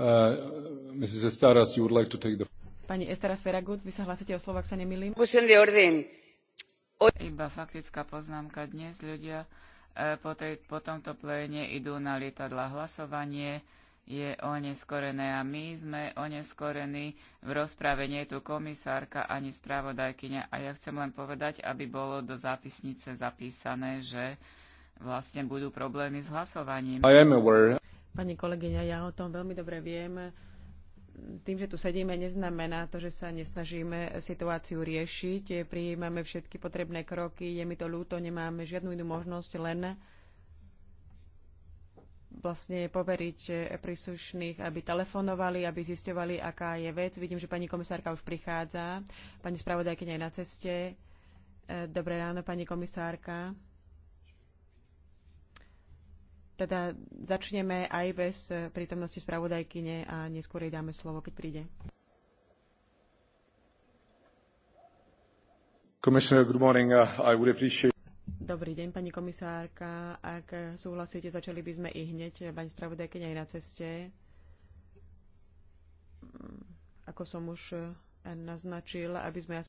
Uh, Mrs. Estaras, you would like to take the... Pani Estaras Feragut, vy sa hlasíte o slovo, ak sa nemýlim. Iba faktická poznámka dnes. Ľudia e, po, tej, po tomto pléne idú na lietadla hlasovanie je oneskorené a my sme oneskorení. V rozprave nie je tu komisárka ani správodajkyňa a ja chcem len povedať, aby bolo do zápisnice zapísané, že vlastne budú problémy s hlasovaním. I am aware. Pani kolegyňa, ja o tom veľmi dobre viem. Tým, že tu sedíme, neznamená to, že sa nesnažíme situáciu riešiť. Prijímame všetky potrebné kroky. Je mi to ľúto, nemáme žiadnu inú možnosť, len vlastne poveriť príslušných, aby telefonovali, aby zisťovali, aká je vec. Vidím, že pani komisárka už prichádza, pani spravodajkyňa je na ceste. Dobré ráno, pani komisárka. Teda začneme aj bez eh, prítomnosti spravodajkyne a neskôr jej dáme slovo, keď príde. Uh, Dobrý deň, pani komisárka. Ak súhlasíte, začali by sme i hneď. Pani spravodajkyňa je na ceste. Mm, ako som už eh, naznačil, aby sme